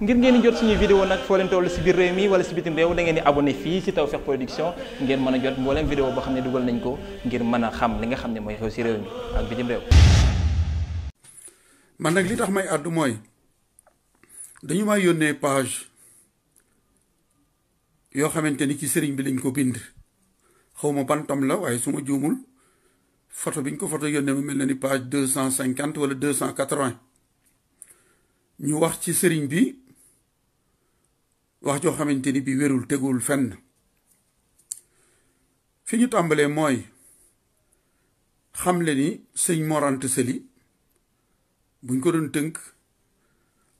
ngir ngeen di jot suñu vidéo nag foo leen toll si biir réew mi wala si bitim réew da ngeen di abonné fii si Tawfekh Production ngeen mën a jot mbooleem vidéo boo xam ne dugal nañ ko ngir mën a xam li nga xam ne mooy xew si nag li tax may dañu may yónnee page yoo xamante ni ci sëriñ bi lañ ko bind xaw ma ban la waaye su ma juumul photo biñ ko photo yónnee mu mel na ni page deux cent cinquante wala deux cent quatre ñu wax ci sëriñ bi wax joo xamante ni bi wérul tegul fenn fi ñu tàmbalee mooy xamle ni sëñ Mor Anta buñ ko doon tënk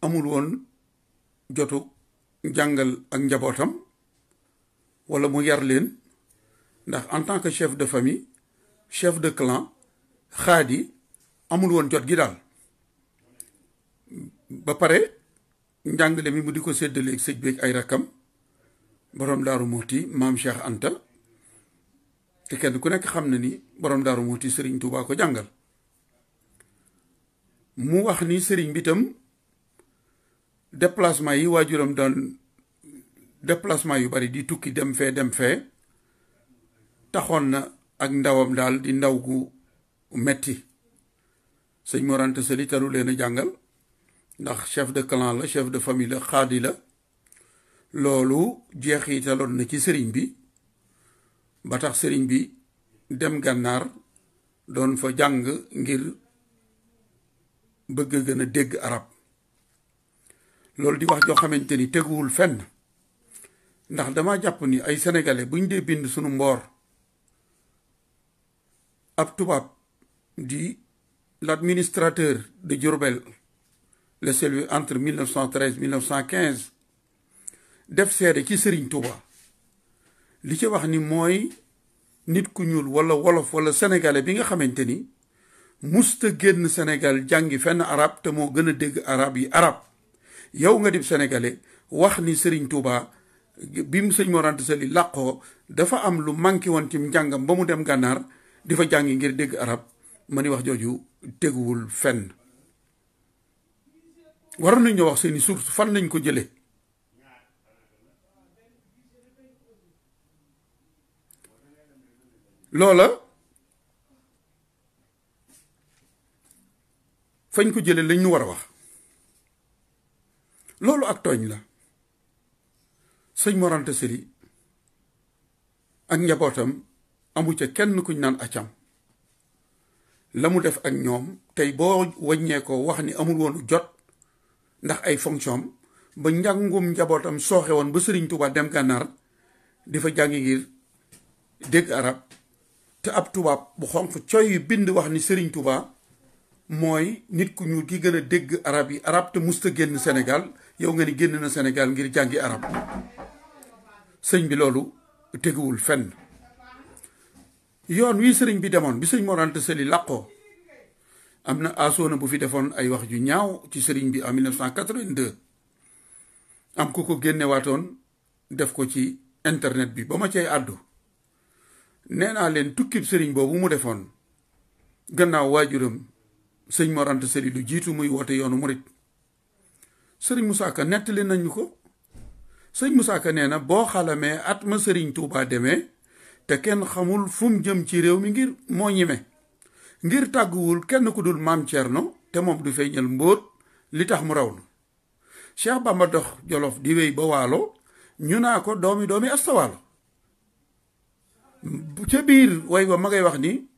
amul woon jotu jàngal ak njabootam wala mu yar leen ndax en tant que chef de famille chef de clan xaadi amul woon jot gi daal ba pare njàngale mi mu di ko séddaleeg sëj beeg ay rakkam borom daaru muuti maam Cheikh Anta te kenn ku nekk xam na ni borom daaru muuti sëriñ Tuubaa ko jàngal mu wax ni sëriñ bi tam déplacement yi waajuram daan déplacement yu bari di tukki dem fee dem fee taxoon na ak ndawam daal di ndaw gu metti sëñ Mor Anta Sali leen a jàngal ndax chef de clan la chef de famille la xaadi la loolu jeexitaloon na ci sëriñ bi ba tax sëriñ bi dem gànnaar doon fa jàng ngir bëgg gën a dégg arab loolu di wax joo xamante ni teguwul fenn ndax dama jàpp ni ay sénégalais buñ dee bind sunu mboor ab tubaab di l'administrateur de Diourbel le celui entre 1913 1915 def seede ci Serigne Touba li ci wax ni mooy nit ku ñuul wala wolof wala sénégalais bi nga xamante ni musta génn Sénégal jàngi fenn arab te moo gën a dégg arab yi arab yow nga dib sénégalais wax ni Serigne Touba bi mu sëñ Mor Anta Sali dafa am lu manqué woon ci njàngam ba mu dem gànnaar di fa jàngi ngir dégg arab ma ni wax jooju teguwul fenn. waroon nañu wax seeni source fan lañ ko jëlee loola fañ ko jëlee lañ ñu war a wax loolu ak tooñ la sëñ Mor Anta ak njabootam amu ca kenn kuñ naan acam la mu def ak ñoom tey boo waññee ko wax ni amul woonu jot ndax ay fonction ba njàngum njabootam sooxe woon ba Sëriñ Tuubaa dem gànnaar di fa jàngi ngir dégg arab te ab tubaab bu xonq coy bind wax ni Sëriñ Tuubaa mooy nit ku ñuul ki gën a dégg arab yi arab te musta génn Sénégal yow nga ni génn na senegal ngir jàngi arab sëñ bi loolu teguwul fenn yoon wi sëriñ bi demoon bi sëñ Mor Anta Sali làqoo am na asoona bu fi defoon ay wax ju ñaaw ci sëriñ bi en 1982 am ku ko génnewaatoon def ko ci internet bi ba ma cay àddu nee naa leen tukkib sëriñ boobu mu defoon gannaaw waajuram sëñ Mor Anta Sali jiitu muy woote yoonu murit sëriñ Moussa Ka nettali nañu ko sëñ mu Ka nee na boo xalamee at ma sëriñ Touba demee te kenn xamul fum jëm ci réew mi ngir moo ñime ngir tàgguwul kenn ku dul maam Thierno te moom du feeñal mbóot li tax mu raw na Cheikh Bamba dox Jolof di wéy ba waalo ñu naa ko doomi doomi astawaalo ca biir way wa ma ngay wax ni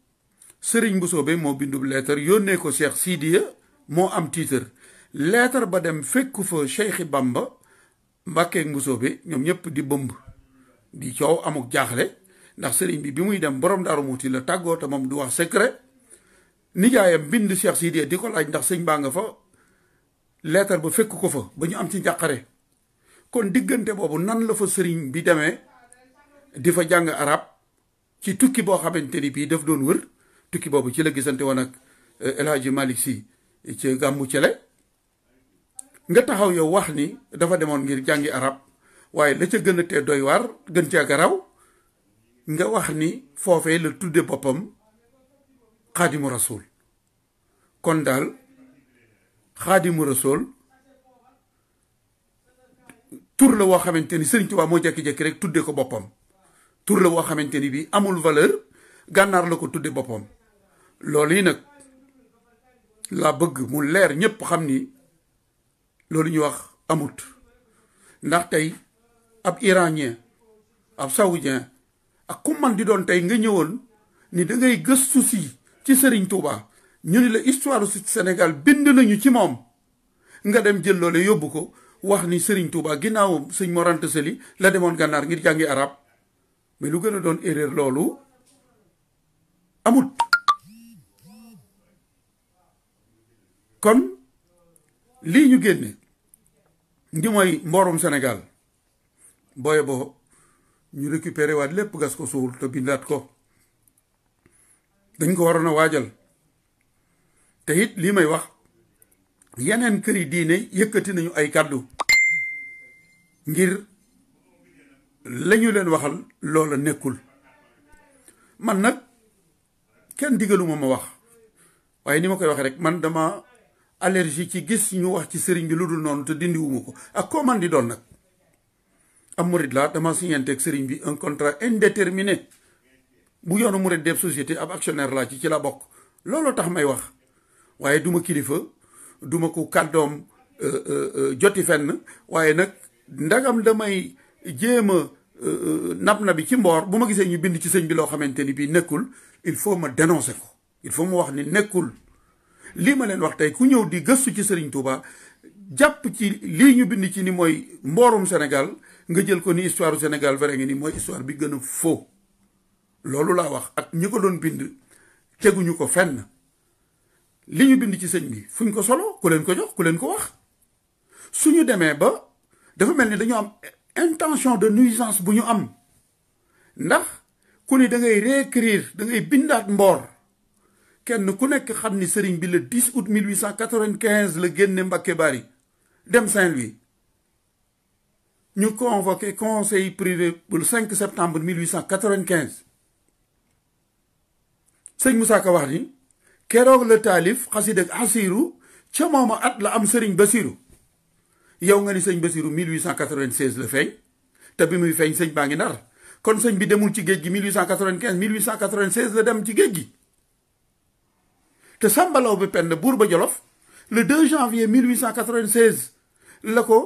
sëriñ bu soobee moo bindub leetar yónnee ko Cheikh Sidiya moo am tiitar leetar ba dem fekku fa Cheikhi Bamba Mbàkkeeg bi ñoom ñëpp di bëmb di coow amuk jaaxle ndax sëriñ bi bi muy dem borom Daaru Muti la tàggoo te moom du wax secret nijaayam bind Cheikh Sidiya di ko laaj ndax sëñ baa nga fa leetar ba fekk ko fa ba ñu am ci njàqare kon diggante boobu nan la fa sëriñ bi demee di fa jàng arab ci tukki boo xamante ni bii daf doon wër tukki boobu ci la gisante woon ak euh, El Hadji si Sy ci gàmmu cele nga taxaw yow wax ni dafa demoon ngir jàngi arab waaye la ca gën a tee doy waar gën cee garaw nga wax ni foofee la tudde boppam xaadimu rasul kon daal xaadimu rasul tur la woo xamante ni Sëriñ Tuubaa moo jékki-jékki rek tudde ko boppam tur la woo xamante ni bii amul valeur gànnaar la ko tudde boppam loolu yi nag laa bëgg mu leer ñépp xam ni loolu ñu wax amut ndax tey ab iranien ab saoudien ak ku man di doon tey nga ñëwoon ni da ngay gëstu si ci Serigne Touba ñu ni la histoire su senegal bind nañu ci moom nga dem jël loole yóbbu ko wax ni sëriñ Touba ginnaaw sëñ Mor Anta Sali la demoon gànnaar ngir jàngi arab mais lu gën a doon erreur loolu amut kon lii ñu génne ngi mooy mboorum Sénégal booye boo ñu récupéré waat lépp gas ko suul te bindaat ko dañ ko waroon a waajal te it lii may wax yeneen kër këri diine yëkkati nañu ay kàddu ngir lañu leen waxal loola nekkul man nag kenn digaluma ma wax waaye ni ma koy waxee rek man dama allergie ci gis ñu wax ci sëriñ bi lu dul noonu te dindiwuma ko ak koo man di doon nag am murid laa dama signé ak sëriñ bi un contrat indéterminé bu yoonu mu ret def société ab actionnaire laa ci ci la bokk looloo tax may wax waaye duma kilifa duma ko kàddoom euh, euh, euh, joti fenn waaye nag ndagam damay jéem a nab na bi ci mboor bu ma gisee ñu bind ci sëñ bi loo xamante ni bii nekkul il faut ma dénoncer ko il faut ma wax ni nekkul lii ma leen wax tey ku ñëw di gëstu ci Serigne Touba jàpp ci lii ñu bind ci ni mooy mboorum Sénégal nga jël ko ni histoire Sénégal vrai ngi ni mooy histoire bi gën a faux loolu laa wax ak ñi ko doon bind teguñu ko fenn li ñu bind ci sëñ bi fuñ ko solo ku leen ko jox ku leen ko wax suñu demee ba dafa mel ni dañu am intention de nuisance bu ñu am ndax ku ni da ngay réécrire da ngay bindaat mboor kenn ku nekk xam ni sëriñ bi le 10 août 1895 la génne Mbàkke Bari dem Saint-Louis ñu convoqué conseil privé le 5 septembre 1895 sëñ Moussa Ka wax ni keroog la taalif xasida xasiiru ca mooma at la am sëriñ Basiiru yow nga ni sëñ Basiiru 1896 la feeñ te bi muy feeñ sëñ baa ngi nar kon sëñ bi demul ci géej gi 1895 1896 la dem ci géej gi te sàmbalaw bi penn buur ba Jolof le 2 janvier 1896 la ko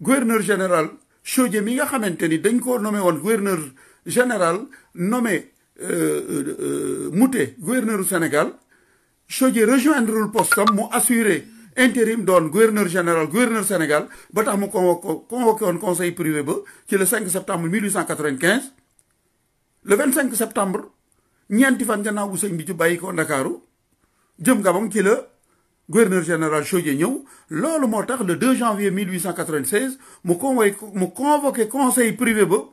gouverneur général Chaudié mi nga xamante ni dañ ko nommé woon gouverneur général nommé Euh, euh, euh, mute gouverneur du Sénégal Chaudié rejoindrewul postam mu assuré intérim doon gouverneur général gouverneur Sénégal ba tax mu convoqué convoqué woon conseil privé ba ci le 5 septembre 1895 le 25 septembre ñeenti fan gannaaw bu sëñ bi ci bàyyi ko Ndakaaru jëm Gabon ki la gouverneur général Chaudié ñëw loolu moo tax le 2 janvier 1896 mu convoqué mu convoqué conseil privé ba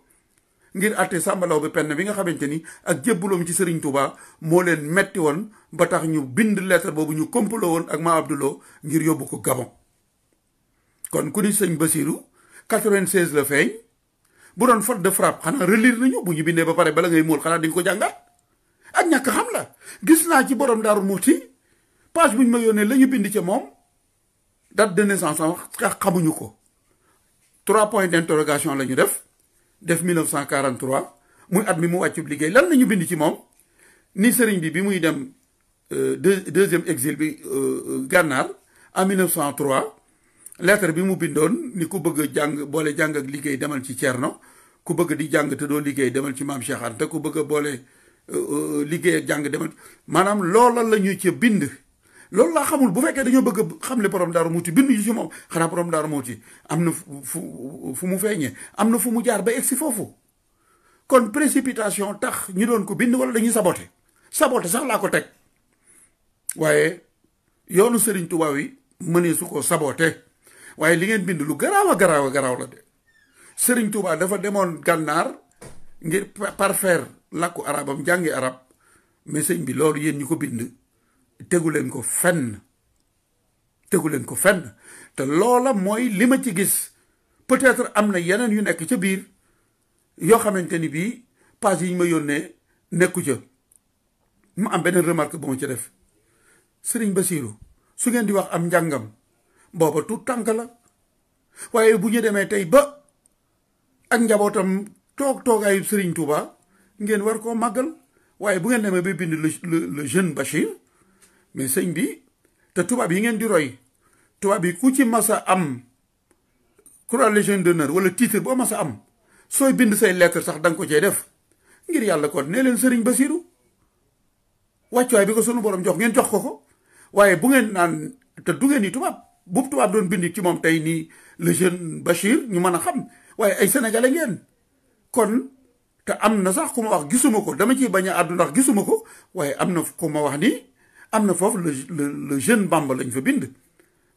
ngir àtte Samba Laobé Penn bi nga xamante ni ak jébbaloom ci Serigne Touba moo leen metti woon ba tax ñu bind lettre boobu ñu complot woon ak Mame Abdou ngir yóbbu ko Gabon kon ku ni sëñ Basirou 96 la feeñ bu doon faute de frappe xanaa relire nañu bu ñu bindee ba pare bala ngay móol xanaa dañ ko jàngaat ak ñàkk xam la gis naa ci borom Daaru Muxti page bu ñu ma yónnee la ñu bind ca moom date de naissance wax xamuñu ko trois point d'interrogation la ñu def def 1943 muy at mi mu wàccub liggéey lan la ñu bind ci moom ni sëriñ bi bi muy dem euh, deuxième exil bi euh, euh, gànnaar en 1903 lettre bi mu bindoon ni ku bëgg jàng boole jàng ak liggéey demal ci Thierno ku bëgg di jàng te doo liggéey demal ci maam Cheikh Anta ku bëgg a boole liggéey ak jàng demal maanaam loola la ñu ca bind. loolu laa xamul bu fekkee dañoo bëgg a xam le borom daaru muuti bind yi ci moom xanaa borom daaru muuti am na fu fu mu feeñee am na fu mu jaar ba egsi foofu kon précipitation tax ñu doon ko bind walla dañuy saboté saboté sax laa ko teg waaye yoonu sëriñ Touba yi mënee su ko saboté waaye li ngeen bind lu garaaw a garaaw a garaaw la de Serigne Touba dafa demoon gànnaar ngir parfaire làkku arabam jàngi arab mais bi loolu yéen ñu ko bind tegu leen ko fenn tegu leen ko fenn te loola mooy li ma ci gis peut-être am na yeneen yu nekk ca biir yoo xamante ni bii page yi ñu ma yónnee nekku ca mu am beneen remarque bu ma ci def sëriñ ba Basiiru su ngeen di wax am njàngam booba tout tànk la waaye bu ñu demee tey ba ak njabootam toog toogaayu sëriñ Touba ngeen war koo màggal waaye bu ngeen demee ba bind le le jeune Bachir mais sëñ bi te tubaab yi ngeen di roy tubaab yi ku ci masa am croix légion d'honneur wala titre boo masa am sooy bind say lekk sax danga ko cee def ngir yàlla kon nee leen sëriñ Basiru wàccuwaay bi ko sunu borom jox ngeen jox ko ko waaye bu ngeen naan te du ngeen yi tubaab bu tubaab doon bind ci moom tey nii le jeune Bachir ñu mën a xam waaye ay sénégalais ngeen kon te am na sax ku ma wax gisuma ko dama ciy bañ a àddu ndax gisuma ko waaye am na ku ma wax ni am na foofu le le jeune Bamba lañ fa bind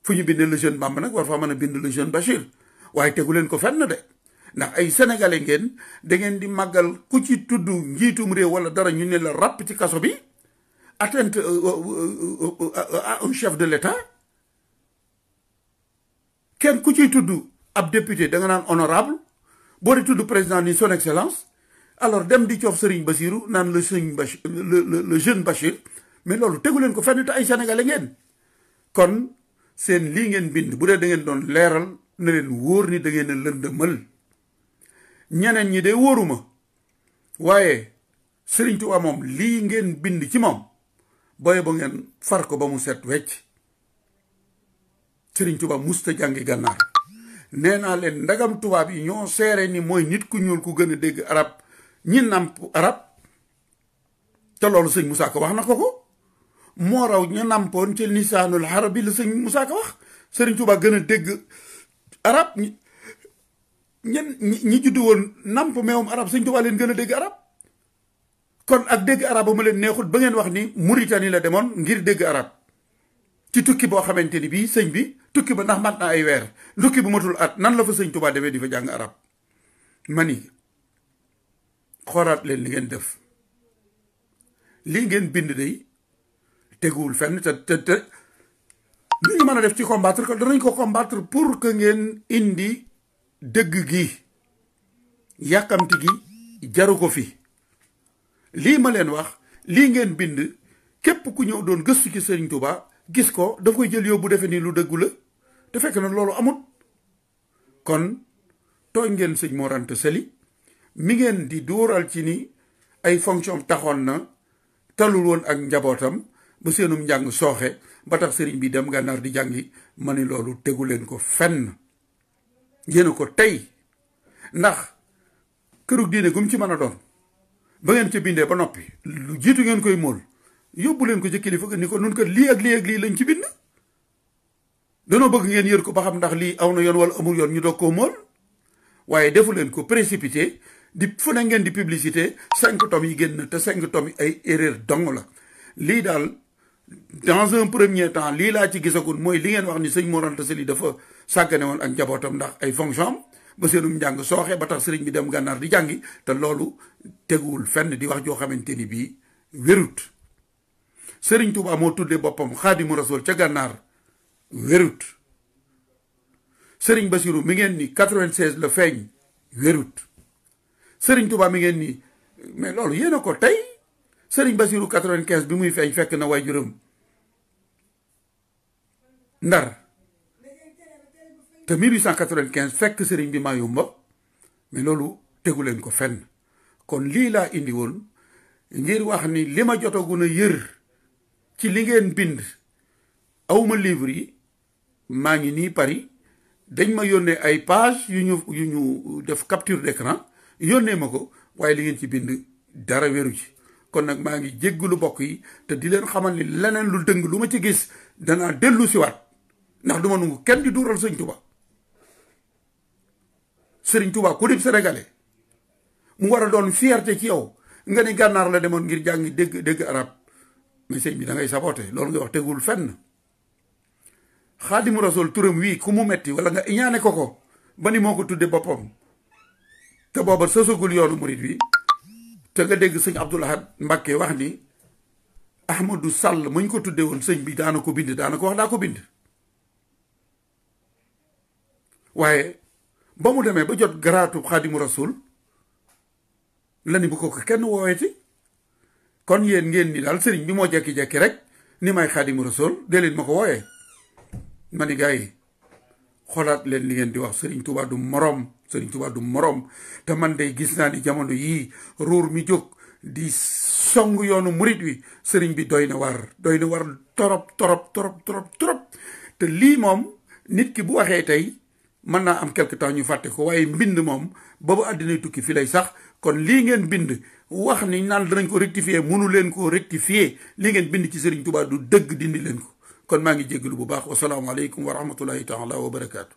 fu ñu bindee le jeune Bamba nag war faa mën a bind le jeune Bachir waaye tegu leen ko fenn de ndax ay sénégalais ngeen da ngeen di màggal ku ci tudd njiitum réew wala dara ñu ne la ràpp ci kaso bi atteinte euh, euh, euh, à chef de l'État kenn ku ciy tudd ab député da nga naan honorable boo di tudd président ni son excellence alors dem di coof Serigne Bassirou naan le sëñ Bachir le jeune Bachir mais loolu tegu leen ko fenn te ay senegale ngeen kon seen lii ngeen bind bu dee dangeen ngeen doon leeral na leen wóor ni da ngeen a lëndëmal ñeneen ñi de wóoruma waaye Sëriñ Tuubaa moom lii ngeen bind ci moom booye ba ngeen far ko ba mu set wecc Sëriñ Tuubaa musta jàngi gànnaar nee naa leen ndagam tubaab yi ñoo seere ni mooy nit ku ñuul ku gën a dégg arab ñi nàmp arab te loolu sëñ Moussa ko wax na ko ko moo raw ñu nampoon ci lisaanul arabi la sëñ Moussa Ka wax sëriñ Tuuba gën a dégg arab ñen ñi juddu woon namp meewum arab sëñ Tuuba leen gën a dégg arab kon ak dégg arab ba mu leen neexul ba ngeen wax ni Mauritanie la demoon ngir dégg arab ci tukki boo xamante ni bii sëñ bi tukki ba ndax mat na ay weer tukki bu matul at nan la fa sëñ Tuuba demee di fa jàng arab ma ni xoolaat leen li ngeen def lii ngeen bind day teguwul fenn te te te li ñu mën a def ci combattre que danañ ko combattre pour que ngeen indi dëgg gi yàkkamti gi jaru ko fi lii ma leen wax lii ngeen bind képp ku ñëw doon gëstu ci Serigne Touba gis ko da koy jël yóbbu defe nii lu dëggu la te fekk na loolu amut kon tooñ ngeen sëñ Mor Anta Sali mi ngeen di dóoral ci ni ay fonction taxoon na talul woon ak njabootam ba seenum njàng sooxee ba tax sëriñ bi dem gànnaar di jàngi ma ne loolu tegu leen ko fenn yéen ko tey ndax kërug diine gum ci mën a doon ba ngeen ca bindee ba noppi lu jiitu ngeen koy mool yóbbu leen ko ci kilifa ni ko nun ko lii ak lii ak lañ ci bind danoo bëgg ngeen yër ko ba xam ndax lii aw na yoon wala amul yoon ñu doog koo mool waaye defu leen ko précipité di fu ne ngeen di publicité cinq tomes yi génn te cinq tomes yi ay erreur dong la lii daal dans un premier temps lii laa ci gisagul mooy li ngeen wax ni sëñ Mor Anta Sali dafa sàggane woon ak njabootam ndax ay fonction ba seenum njàng sooxe ba tax sëriñ bi dem gànnaar di jàngi te loolu teguwul fenn di wax joo xamante ni bii wérut sëriñ Tuubaa moo tuddee boppam xaadimu rasul ca gànnaar wérut sëriñ Basiru mi ngeen ni 96 la feeñ wérut sëriñ Tuubaa mi ngeen ni mais loolu yéen ko tey sëriñ Basiru quinze bi muy feeñ fekk na way juróom ndar te 1895 fekk sëriñ bi Mayumba mais loolu tegu leen ko fenn kon lii laa indi woon ngir wax ni li ma jotagu a yër ci li ngeen bind awma livre yi maa ngi nii Paris dañ ma yónnee ay page yu ñu yu ñu def capture d'écran yónnee ma ko waaye li ngeen ci bind dara weeru ci kon nag maa ngi jéggalu bokk yi te di leen xamal ni leneen lu dëng lu ma ci gis danaa dellu siwaat ndax du ma nungu kenn di duural sëñ Tuba sëriñ Tuba ku dib sénégalais mu war a doon fierté ci yow nga ni gànnaar la demoon ngir jàngi dégg dégg arab mais sëñ bi da ngay saboté loolu nga wax tegul fenn xaadimu rasul turam wii ku mu metti wala nga iñaane ko ko ba ni moo ko tudde boppam te booba sosagul yoonu murit wi te nga dégg sëñ Abdou Lahad Mbacke wax ni Ahmadou Sall muñ ko tuddee woon sëñ bi daana ko bind daana ko wax daa ko bind waaye ba mu demee ba jot garaatub xaadimu rasul la ni bu ko ko kenn wooweti kon yéen ngeen ni daal sëriñ bi moo jekki-jekki rek ni may xaadimu rasul dee leen ma ko wooyee ma ni gars yi xoolaat leen li ngeen di wax sëriñ Tuubaa du moroom Sëriñ Tuubaa du moroom te man day gis naa ni jamono yii ruur mi jóg di song yoonu murit wi sëriñ bi doy na war doy na war torop torop torop torop torop te lii moom nit ki bu waxee tey mën naa am quelque temps ñu fàtte ko waaye mbind moom ba ba àddina tukki fi lay sax kon lii ngeen bind wax ni naan danañ ko rectifier munu leen koo rectifier lii ngeen bind ci Sëriñ Tuubaa du dëgg dindi leen ko kon maa ngi jéggalu bu baax wasalaamaaleykum wa rahmatullahi taala wa barakaatu